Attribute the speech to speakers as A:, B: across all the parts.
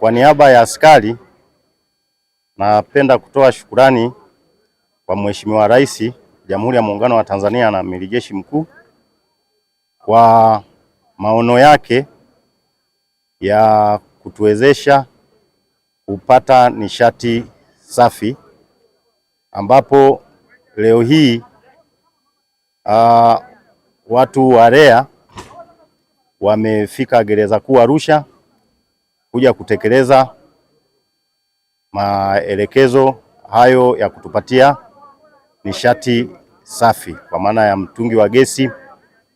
A: Kwa niaba ya askari napenda kutoa shukurani kwa Mheshimiwa Rais Jamhuri ya Muungano wa Tanzania na Amiri Jeshi Mkuu kwa maono yake ya kutuwezesha kupata nishati safi ambapo leo hii uh, watu wa REA wamefika gereza kuu Arusha kuja kutekeleza maelekezo hayo ya kutupatia nishati safi kwa maana ya mtungi wa gesi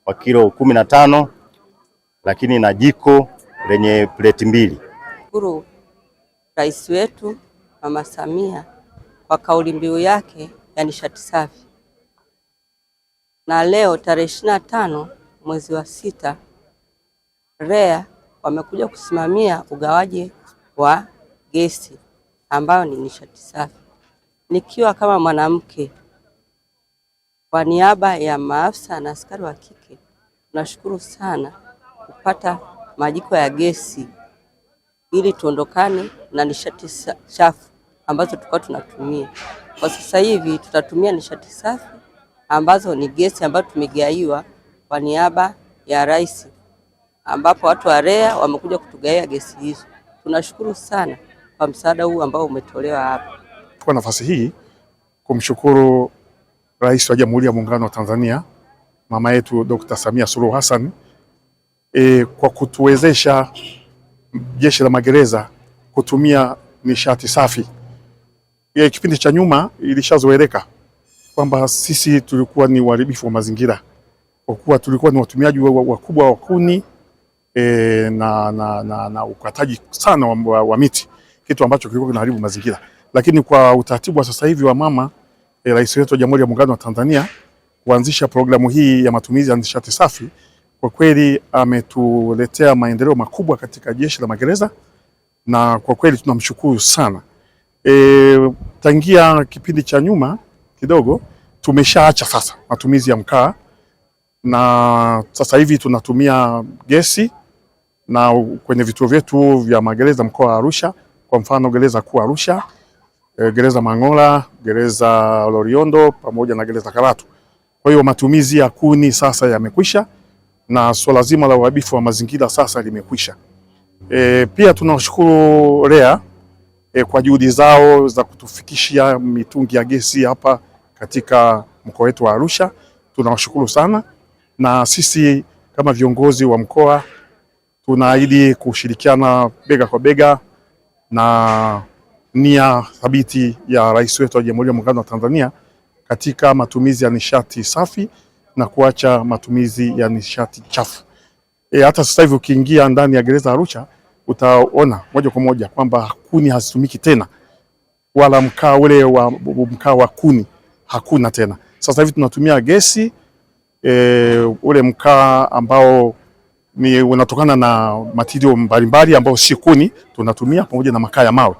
A: wa kilo kumi na tano lakini na jiko lenye pleti mbili.
B: Shukuru Rais wetu Mama Samia kwa kauli mbiu yake ya nishati safi, na leo tarehe ishirini na tano mwezi wa sita REA wamekuja kusimamia ugawaji wa gesi ambayo ni nishati safi. Nikiwa kama mwanamke, kwa niaba ya maafisa na askari wa kike, tunashukuru sana kupata majiko ya gesi ili tuondokane na nishati chafu ambazo tulikuwa tunatumia. Kwa sasa hivi tutatumia nishati safi ambazo ni gesi ambayo tumegaiwa kwa niaba ya rais ambapo watu wa REA wamekuja kutugaia gesi hizo. Tunashukuru sana kwa msaada huu ambao umetolewa hapa.
C: Kwa nafasi hii kumshukuru Rais wa Jamhuri ya Muungano wa Tanzania mama yetu Dr. Samia Suluhu Hassan e, kwa kutuwezesha Jeshi la Magereza kutumia nishati safi. E, kipindi cha nyuma ilishazoeleka kwamba sisi tulikuwa ni uharibifu wa mazingira kwa kuwa tulikuwa ni watumiaji wakubwa wa kuni e, na, na, na, na ukataji sana wa, wa, wa miti, kitu ambacho kilikuwa kinaharibu mazingira. Lakini kwa utaratibu wa sasa hivi wa mama e, rais wetu wa Jamhuri ya Muungano wa Tanzania kuanzisha programu hii ya matumizi ya nishati safi, kwa kweli ametuletea maendeleo makubwa katika jeshi la magereza, na kwa kweli tunamshukuru sana. E, tangia kipindi cha nyuma kidogo tumeshaacha sasa matumizi ya mkaa na sasa hivi tunatumia gesi na kwenye vituo vyetu vya magereza mkoa wa Arusha, kwa mfano gereza kuu Arusha, e, gereza Mang'ola, gereza Loliondo pamoja na gereza Karatu. Kwa hiyo matumizi ya kuni sasa yamekwisha na swala zima la uharibifu wa mazingira sasa limekwisha. E, pia tunawashukuru REA e, kwa juhudi zao za kutufikishia mitungi ya gesi hapa katika mkoa wetu wa Arusha. Tunawashukuru sana na sisi kama viongozi wa mkoa tunaahidi kushirikiana bega kwa bega na nia thabiti ya rais wetu wa Jamhuri ya Muungano wa Tanzania katika matumizi ya nishati safi na kuacha matumizi ya nishati chafu. E, hata sasa hivi ukiingia ndani ya gereza Arusha utaona moja kwa moja kwamba kuni hazitumiki tena wala mkaa ule wa mkaa wa kuni hakuna tena. Sasa hivi tunatumia gesi e, ule mkaa ambao ni unatokana na matirio mbalimbali ambayo si kuni tunatumia pamoja na makaa ya mawe.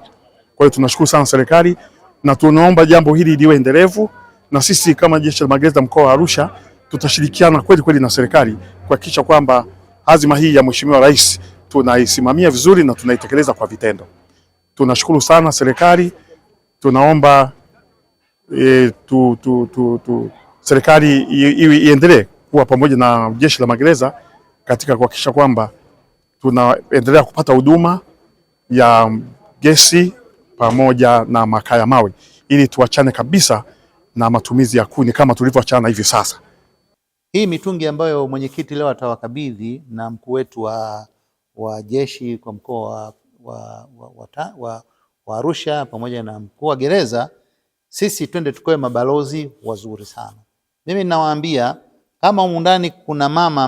C: Kwa hiyo tunashukuru sana serikali na tunaomba jambo hili liwe endelevu, na sisi kama jeshi la magereza mkoa wa Arusha tutashirikiana kweli kweli na serikali kuhakikisha kwamba azima hii ya Mheshimiwa Rais tunaisimamia vizuri na tunaitekeleza kwa vitendo. Tunashukuru sana serikali, tunaomba e, tu, tu, tu, tu, serikali iendelee kuwa pamoja na jeshi la magereza katika kuhakikisha kwamba tunaendelea kupata huduma ya gesi pamoja na makaa ya mawe ili tuachane kabisa na matumizi ya kuni kama tulivyoachana hivi sasa.
D: Hii mitungi ambayo mwenyekiti leo atawakabidhi na mkuu wetu wa, wa jeshi kwa mkoa wa, wa, wa, wa Arusha pamoja na mkuu wa gereza, sisi twende tukoe mabalozi wazuri sana. Mimi ninawaambia kama umundani ndani kuna mama